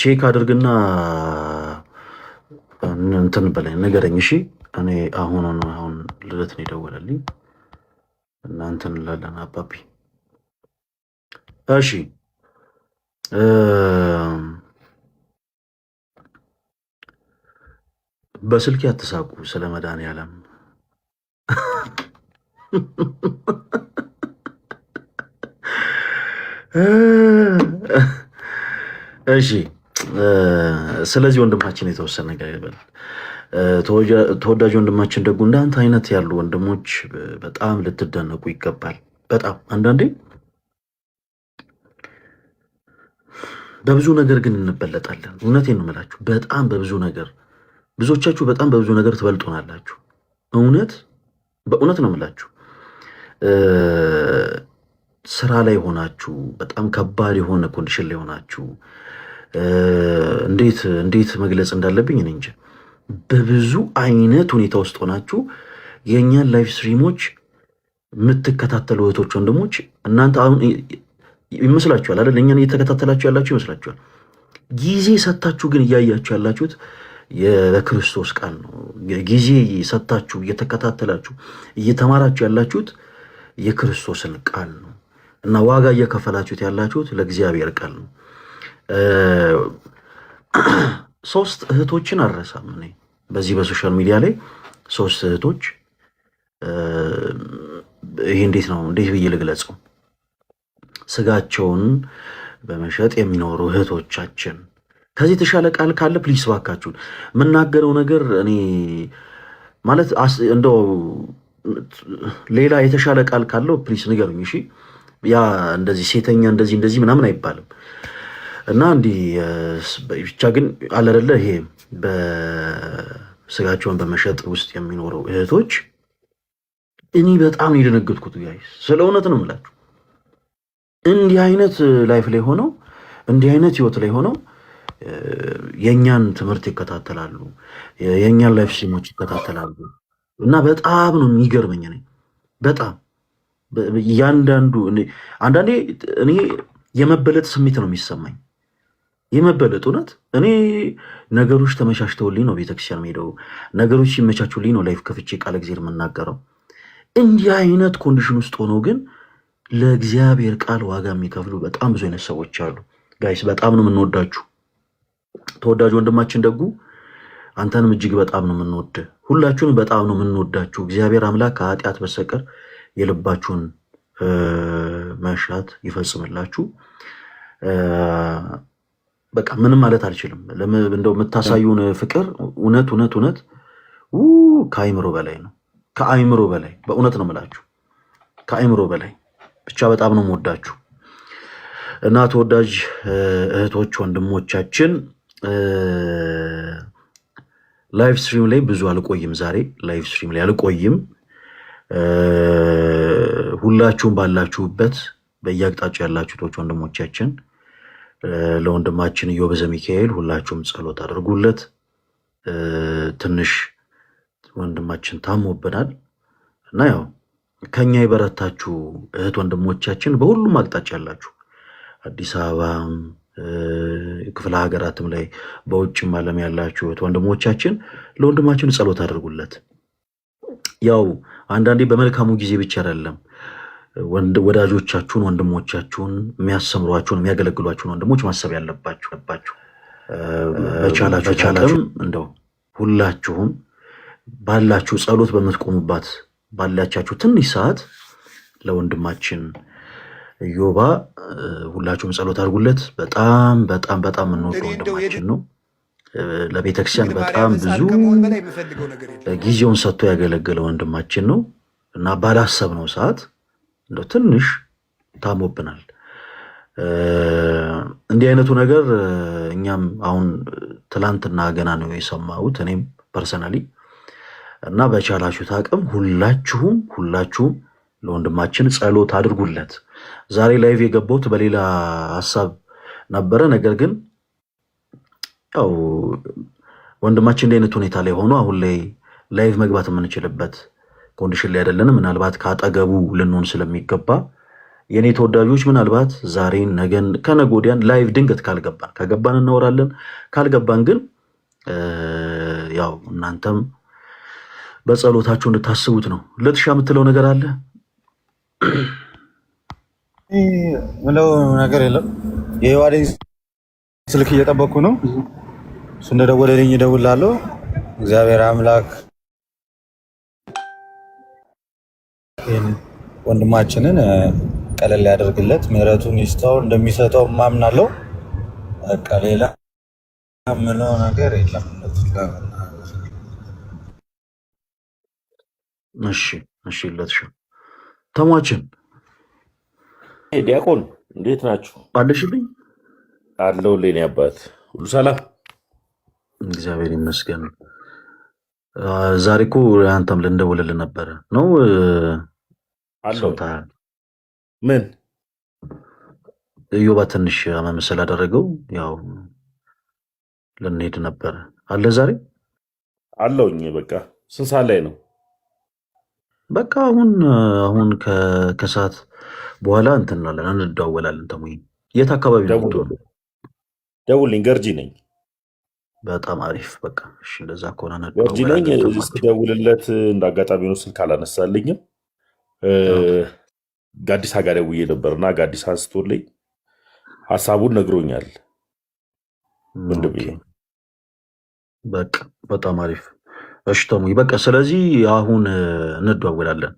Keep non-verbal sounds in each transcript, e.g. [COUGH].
ቼክ አድርግና እንትን በላይ ነገረኝ። እሺ እኔ አሁን አሁን ልደት ነው የደወለልኝ እና እንትን አባቢ። እሺ በስልክ ያትሳቁ ስለ መድኃኒዓለም [LAUGHS] እሺ ስለዚህ ወንድማችን የተወሰነ ነገር ይበላል። ተወዳጅ ወንድማችን ደጉ እንደ አይነት ያሉ ወንድሞች በጣም ልትደነቁ ይገባል። በጣም አንዳንዴ በብዙ ነገር ግን እንበለጣለን። እውነቴን ነው የምላችሁ፣ በጣም በብዙ ነገር ብዙዎቻችሁ በጣም በብዙ ነገር ትበልጡናላችሁ። እውነት በእውነት ነው የምላችሁ። ስራ ላይ ሆናችሁ በጣም ከባድ የሆነ ኮንዲሽን ላይ ሆናችሁ እንዴት እንዴት መግለጽ እንዳለብኝ እኔ እንጃ። በብዙ አይነት ሁኔታ ውስጥ ሆናችሁ የእኛን ላይፍ ስትሪሞች የምትከታተሉ እህቶች፣ ወንድሞች እናንተ አሁን ይመስላችኋል አይደል? እኛን እየተከታተላችሁ ያላችሁ ይመስላችኋል። ጊዜ ሰታችሁ ግን እያያችሁ ያላችሁት የክርስቶስ ቃል ነው። ጊዜ ሰታችሁ እየተከታተላችሁ እየተማራችሁ ያላችሁት የክርስቶስን ቃል ነው እና ዋጋ እየከፈላችሁት ያላችሁት ለእግዚአብሔር ቃል ነው። ሶስት እህቶችን አረሳም እኔ በዚህ በሶሻል ሚዲያ ላይ ሶስት እህቶች ይሄ እንዴት ነው እንዴት ብዬ ልግለጸው? ስጋቸውን በመሸጥ የሚኖሩ እህቶቻችን ከዚህ የተሻለ ቃል ካለ ፕሊስ ባካችሁን። የምናገረው ነገር እኔ ማለት እንደው ሌላ የተሻለ ቃል ካለው ፕሊስ ንገሩኝ። እሺ ያ እንደዚህ ሴተኛ እንደዚህ እንደዚህ ምናምን አይባልም። እና እንዲህ ብቻ ግን አለደለ ይሄ በስጋቸውን በመሸጥ ውስጥ የሚኖረው እህቶች እኔ በጣም የደነገጥኩት ጋይስ ስለ እውነት ነው የምላችሁ። እንዲህ አይነት ላይፍ ላይ ሆነው እንዲህ አይነት ህይወት ላይ ሆነው የእኛን ትምህርት ይከታተላሉ፣ የእኛን ላይፍ ሲሞች ይከታተላሉ። እና በጣም ነው የሚገርመኝ ነኝ በጣም እያንዳንዱ አንዳንዴ እኔ የመበለጥ ስሜት ነው የሚሰማኝ። የመበለጥ እውነት እኔ ነገሮች ተመቻችተውልኝ ነው ቤተክርስቲያን ሄደው ነገሮች ሲመቻቹልኝ ነው ላይፍ ከፍቼ ቃለ እግዚአብሔር የምናገረው። እንዲህ አይነት ኮንዲሽን ውስጥ ሆኖ ግን ለእግዚአብሔር ቃል ዋጋ የሚከፍሉ በጣም ብዙ አይነት ሰዎች አሉ። ጋይስ በጣም ነው የምንወዳችሁ። ተወዳጅ ወንድማችን ደጉ አንተንም እጅግ በጣም ነው የምንወድ። ሁላችሁንም በጣም ነው የምንወዳችሁ። እግዚአብሔር አምላክ ከኃጢአት በስተቀር የልባችሁን መሻት ይፈጽምላችሁ። በቃ ምንም ማለት አልችልም። እንደው የምታሳዩን ፍቅር እውነት እውነት እውነት ከአይምሮ በላይ ነው፣ ከአይምሮ በላይ በእውነት ነው የምላችሁ፣ ከአይምሮ በላይ ብቻ በጣም ነው የምወዳችሁ እና ተወዳጅ እህቶች ወንድሞቻችን ላይቭ ስትሪም ላይ ብዙ አልቆይም። ዛሬ ላይቭ ስትሪም ላይ አልቆይም። ሁላችሁም ባላችሁበት በየአቅጣጫ ያላችሁቶች ወንድሞቻችን ለወንድማችን ኢዮብ ዘሚካኤል ሁላችሁም ጸሎት አድርጉለት። ትንሽ ወንድማችን ታሞብናል እና ያው ከኛ የበረታችሁ እህት ወንድሞቻችን በሁሉም አቅጣጫ ያላችሁ አዲስ አበባም ክፍለ ሀገራትም ላይ በውጭም ዓለም ያላችሁ እህት ወንድሞቻችን ለወንድማችን ጸሎት አድርጉለት። ያው አንዳንዴ በመልካሙ ጊዜ ብቻ አይደለም ወዳጆቻችሁን፣ ወንድሞቻችሁን፣ የሚያሰምሯችሁን፣ የሚያገለግሏችሁን ወንድሞች ማሰብ ያለባችሁ በቻላችሁ እንደው ሁላችሁም ባላችሁ ጸሎት በምትቆሙባት ባላቻችሁ ትንሽ ሰዓት ለወንድማችን ዮባ ሁላችሁም ጸሎት አድርጉለት። በጣም በጣም በጣም የምንወደው ወንድማችን ነው። ለቤተክርስቲያን በጣም ብዙ ጊዜውን ሰጥቶ ያገለገለ ወንድማችን ነው እና ባላሰብነው ሰዓት እንደ ትንሽ ታሞብናል። እንዲህ አይነቱ ነገር እኛም አሁን ትላንትና ገና ነው የሰማሁት እኔም ፐርሰናሊ እና በቻላችሁት አቅም ሁላችሁም ሁላችሁም ለወንድማችን ጸሎት አድርጉለት። ዛሬ ላይቭ የገባሁት በሌላ ሀሳብ ነበረ። ነገር ግን ያው ወንድማችን እንዲህ አይነት ሁኔታ ላይ ሆኖ አሁን ላይ ላይቭ መግባት የምንችልበት ኮንዲሽን ላይ አይደለንም። ምናልባት ከአጠገቡ ልንሆን ስለሚገባ የእኔ ተወዳጆች ምናልባት ዛሬን፣ ነገን፣ ከነገ ወዲያን ላይቭ ድንገት ካልገባን ከገባን እናወራለን። ካልገባን ግን ያው እናንተም በጸሎታችሁ እንድታስቡት ነው። ለትሻ የምትለው ነገር አለ ምለው ነገር የለም። የህዋዴ ስልክ እየጠበቅኩ ነው። እሱ እንደደወለልኝ እደውላለሁ። እግዚአብሔር አምላክ ወንድማችንን ቀለል ያደርግለት፣ ምሕረቱን ይስተው፣ እንደሚሰጠው ማምናለው። በቃ ሌላ ምለው ነገር የለም። እሺ፣ እሺ። ተሟችን ዲያቆን እንዴት ናችሁ? አለሽልኝ አለው ሌኔ አባት ሁሉ ሰላም፣ እግዚአብሔር ይመስገን። ዛሬ እኮ አንተም ልንደውልልህ ነበረ ነው አለው ምን እዮባ ትንሽ አመም ስላደረገው ያው ልንሄድ ነበረ። አለ ዛሬ አለውኝ። በቃ ስንት ሰዓት ላይ ነው? በቃ አሁን አሁን ከሰዓት በኋላ እንትን እንላለን፣ እንደዋወላለን። ተሙይ የት አካባቢ ደውልኝ። ገርጂ ነኝ። በጣም አሪፍ። በቃ እሺ፣ እንደዛ ከሆነ ገርጂ ነኝ። ደውልለት። እንዳጋጣሚ ነው ስልክ አላነሳልኝም ጋዲሳ ጋር ደውዬ ነበር እና ጋዲሳ አንስቶልኝ ሀሳቡን ነግሮኛል። ምንድን በቃ በጣም አሪፍ እሺ፣ ተሙ በቃ ስለዚህ አሁን እንደዋወላለን።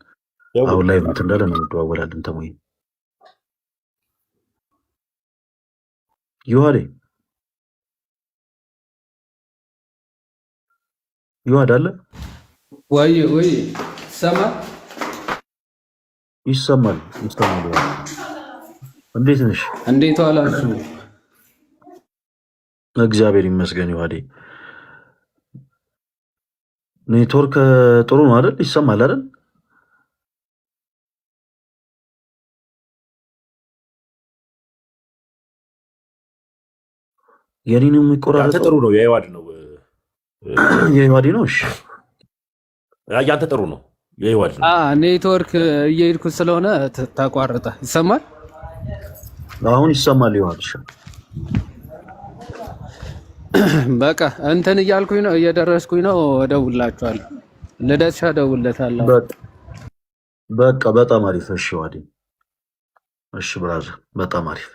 አሁን ላይ እንትን እንዳለ ነው እንደዋወላለን። ተሙ ዮሐዴ ዮሐድ አለ ወይ ወይ ሰማ ይሰማል ይሰማል። እንዴት ነሽ? እንዴት ዋላችሁ? እግዚአብሔር ይመስገን። ይዋዴ ኔትወርክ ጥሩ ነው አይደል? ይሰማል አይደል? የኔንም ይቆራረጥ ጥሩ ነው። የዋድ ነው የዋዴ ነው። እሺ ያንተ ጥሩ ነው። ኔትወርክ እየሄድኩ ስለሆነ ተቋረጠ። ይሰማል። አሁን ይሰማል ይሆናል። [CLEARS THROAT] በቃ እንትን እያልኩኝ ነው፣ እየደረስኩኝ ነው። እደውልላችኋለሁ። ልደትሻ እደውልለታለሁ። በቃ በጣም አሪፍ። እሺ ዋዲ፣ እሺ ብራዘር፣ በጣም አሪፍ።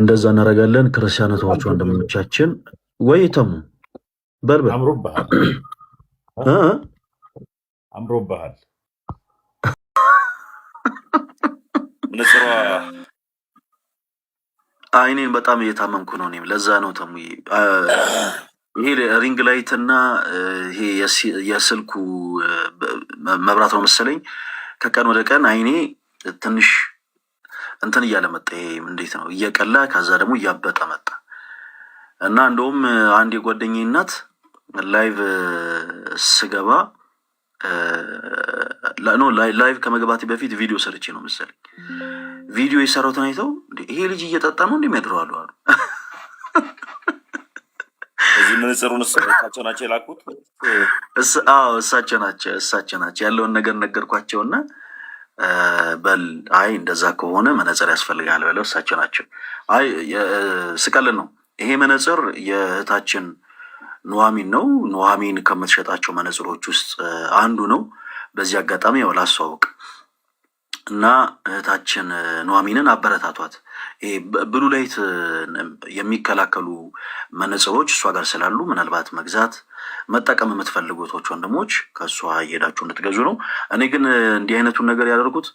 እንደዛ እናደርጋለን። ክርስቲያን ተዋቸው ወንድሞቻችን፣ ወይ ተሙ በልበል አምሮብሃል አምሮብሃል። ምንጽሯ አይኔን በጣም እየታመምኩ ነው። እኔም ለዛ ነው ተሙ ይሄ ሪንግ ላይት እና ይሄ የስልኩ መብራት ነው መሰለኝ ከቀን ወደ ቀን አይኔ ትንሽ እንትን እያለ መጣ። ይሄ እንዴት ነው እየቀላ ከዛ ደግሞ እያበጠ መጣ እና እንደውም አንድ የጓደኝ እናት ላይቭ ስገባ ኖ ላይቭ ከመግባቴ በፊት ቪዲዮ ሰርቼ ነው መሰለኝ። ቪዲዮ የሰራሁትን አይተው ይሄ ልጅ እየጠጣ ነው እንደሚያድረው አሉ አሉ። እዚህ መነጽሩን እሳቸው ናቸው የላኩት። እሳቸው ናቸው እሳቸው ናቸው ያለውን ነገር ነገርኳቸውና በል አይ እንደዛ ከሆነ መነጽር ያስፈልጋል ብለው እሳቸው ናቸው። አይ ስቀልን ነው ይሄ መነጽር የእህታችን ኑዋሚን ነው። ኑዋሚን ከምትሸጣቸው መነጽሮች ውስጥ አንዱ ነው። በዚህ አጋጣሚ ያው ላስተዋውቅ እና እህታችን ኑዋሚንን አበረታቷት። ብሉ ላይት የሚከላከሉ መነጽሮች እሷ ጋር ስላሉ ምናልባት መግዛት መጠቀም የምትፈልጉቶች ወንድሞች ከእሷ እየሄዳችሁ እንድትገዙ ነው። እኔ ግን እንዲህ አይነቱን ነገር ያደርጉት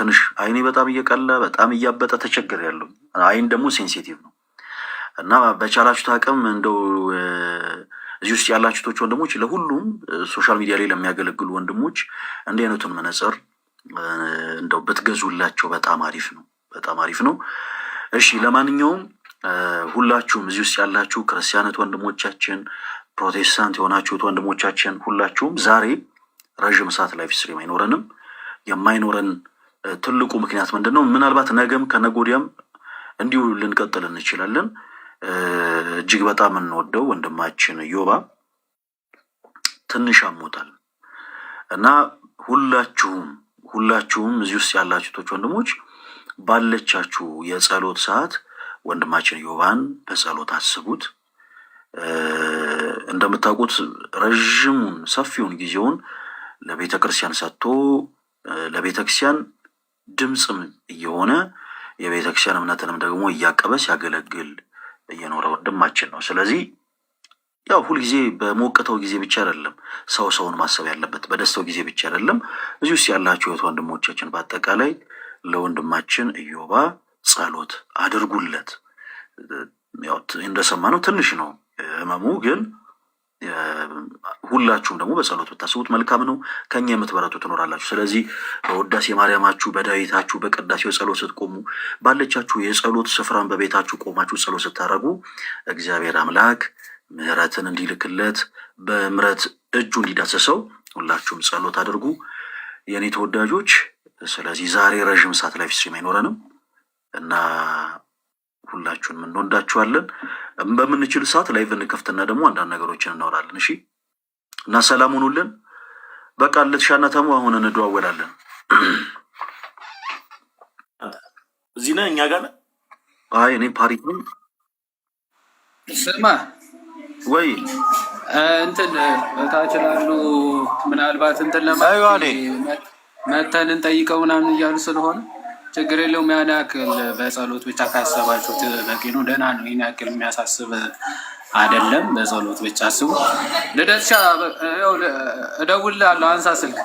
ትንሽ አይኔ በጣም እየቀለ በጣም እያበጠ ያለው አይን ደግሞ ሴንሲቲቭ ነው። እና በቻላችሁት አቅም እንደው እዚህ ውስጥ ያላችሁቶች ወንድሞች ለሁሉም ሶሻል ሚዲያ ላይ ለሚያገለግሉ ወንድሞች እንዲህ አይነቱን መነጽር እንደው ብትገዙላቸው በጣም አሪፍ ነው፣ በጣም አሪፍ ነው። እሺ ለማንኛውም ሁላችሁም እዚህ ውስጥ ያላችሁ ክርስቲያነት ወንድሞቻችን፣ ፕሮቴስታንት የሆናችሁት ወንድሞቻችን ሁላችሁም ዛሬ ረዥም ሰዓት ላይፍ ስትሪም አይኖረንም። የማይኖረን ትልቁ ምክንያት ምንድን ነው? ምናልባት ነገም ከነጎዲያም እንዲሁ ልንቀጥል እንችላለን። እጅግ በጣም እንወደው ወንድማችን ዮባ ትንሽ አሞታል እና ሁላችሁም ሁላችሁም እዚህ ውስጥ ያላችሁቶች ወንድሞች ባለቻችሁ የጸሎት ሰዓት ወንድማችን ዮባን በጸሎት አስቡት። እንደምታውቁት ረዥሙን ሰፊውን ጊዜውን ለቤተ ክርስቲያን ሰጥቶ ለቤተ ክርስቲያን ድምፅም እየሆነ የቤተ ክርስቲያን እምነትንም ደግሞ እያቀበ ሲያገለግል እየኖረ ወንድማችን ነው። ስለዚህ ያው ሁልጊዜ በሞቀተው ጊዜ ብቻ አይደለም ሰው ሰውን ማሰብ ያለበት፣ በደስተው ጊዜ ብቻ አይደለም። እዚህ ውስጥ ያላችሁ የት ወንድሞቻችን በአጠቃላይ ለወንድማችን እዮባ ጸሎት አድርጉለት። ያው እንደሰማነው ትንሽ ነው ህመሙ ግን ሁላችሁም ደግሞ በጸሎት ብታስቡት መልካም ነው። ከኛ የምትበረቱ ትኖራላችሁ። ስለዚህ በወዳሴ ማርያማችሁ፣ በዳዊታችሁ፣ በቅዳሴው ጸሎት ስትቆሙ፣ ባለቻችሁ የጸሎት ስፍራን በቤታችሁ ቆማችሁ ጸሎት ስታደረጉ እግዚአብሔር አምላክ ምሕረትን እንዲልክለት በምሕረት እጁ እንዲዳሰሰው ሁላችሁም ጸሎት አድርጉ የእኔ ተወዳጆች። ስለዚህ ዛሬ ረዥም ሰዓት ላይ ፍስም አይኖረንም እና ሁላችሁንም እንወዳችኋለን። በምንችል ሰዓት ላይቭ እንከፍትና ደግሞ አንዳንድ ነገሮችን እናወራለን። እሺ እና ሰላም ሁኑልን። በቃ ልትሻና ተሙ አሁን እንደዋወላለን። እዚህ ነህ እኛ ጋር አይ እኔ ፓሪስ ነኝ። ስማ ወይ እንትን እታች ላሉ ምናልባት እንትን ለማ መተን እንጠይቀው ምናምን እያሉ ስለሆነ ችግር የለውም። ያን ያክል በጸሎት ብቻ ካሰባችሁት በቂ ነው። ደህና ነው። ይህን ያክል የሚያሳስብ አይደለም። በጸሎት ብቻ አስቡ። ልደትሻ እደውልልሃለሁ፣ አንሳ ስልክ።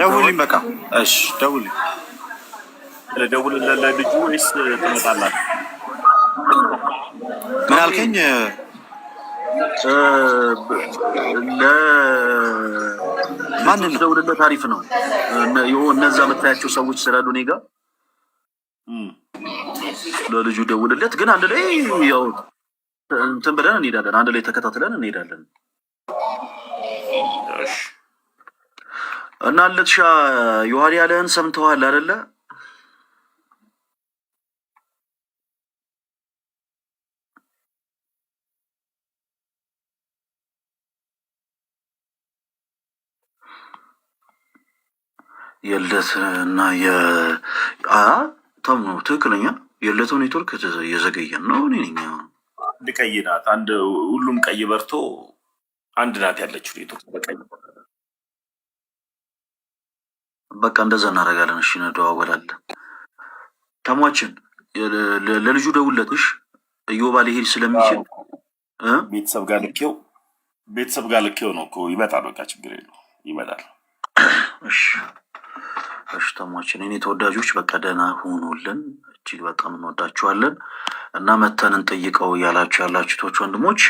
ደውልኝ፣ በቃ እሺ፣ ደውልኝ። ደውልልህ ለልጁ ወይስ ትመጣላለህ? ምን አልከኝ? ደውልለት አሪፍ ነው። እነዛ የምታያቸው ሰዎች ስላሉ እኔ ለልጁ ደውልለት። ግን አንድ ላይ ያው እንትን ብለን እንሄዳለን፣ አንድ ላይ ተከታትለን እንሄዳለን። እና ልትሻ ዮሐን ያለህን ሰምተዋል አይደለ? የልደት እና ተም ነው ትክክለኛ የለተው ኔትወርክ እየዘገየን ነው። እኔኛ አንድ ቀይ ናት። አንድ ሁሉም ቀይ በርቶ አንድ ናት ያለችው ኔትወርክ በቀይ በቃ እንደዛ እናደርጋለን። እሺ እንደዋወላለን። ተሟችን ለልጁ ደውለትሽ እዮባ ሊሄድ ስለሚችል ቤተሰብ ጋር ልኬው ቤተሰብ ጋር ልኬው ነው እኮ ይመጣል። በቃ ችግር የለውም ይመጣል። እሺ ሀሽተማችን እኔ ተወዳጆች በቃ ደህና ሆኑልን። እጅግ በጣም እንወዳችኋለን እና መተን እንጠይቀው እያላችሁ ያላችሁ ወንድሞች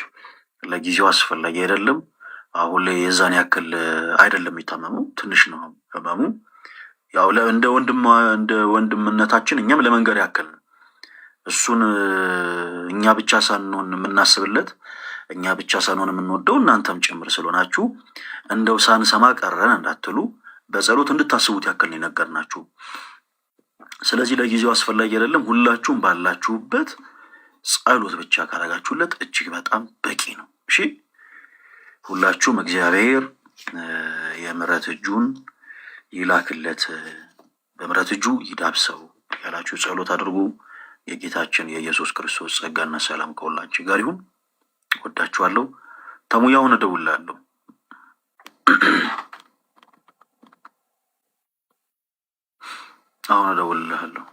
ለጊዜው አስፈላጊ አይደለም። አሁን ላይ የዛን ያክል አይደለም የሚታመመው ትንሽ ነው ህመሙ። ያው እንደ ወንድምነታችን እኛም ለመንገድ ያክል ነው። እሱን እኛ ብቻ ሳንሆን የምናስብለት እኛ ብቻ ሳንሆን የምንወደው እናንተም ጭምር ስለሆናችሁ እንደው ሳንሰማ ቀረን እንዳትሉ በጸሎት እንድታስቡት ያክል ነው የነገርናችሁ። ስለዚህ ለጊዜው አስፈላጊ አይደለም። ሁላችሁም ባላችሁበት ጸሎት ብቻ ካረጋችሁለት እጅግ በጣም በቂ ነው። እሺ ሁላችሁም እግዚአብሔር የምሕረት እጁን ይላክለት፣ በምሕረት እጁ ይዳብሰው ያላችሁ ጸሎት አድርጉ። የጌታችን የኢየሱስ ክርስቶስ ጸጋና ሰላም ከሁላችን ጋር ይሁን። ወዳችኋለሁ። ተሙያውን እደውላለሁ። አሁን እደውልልሃለሁ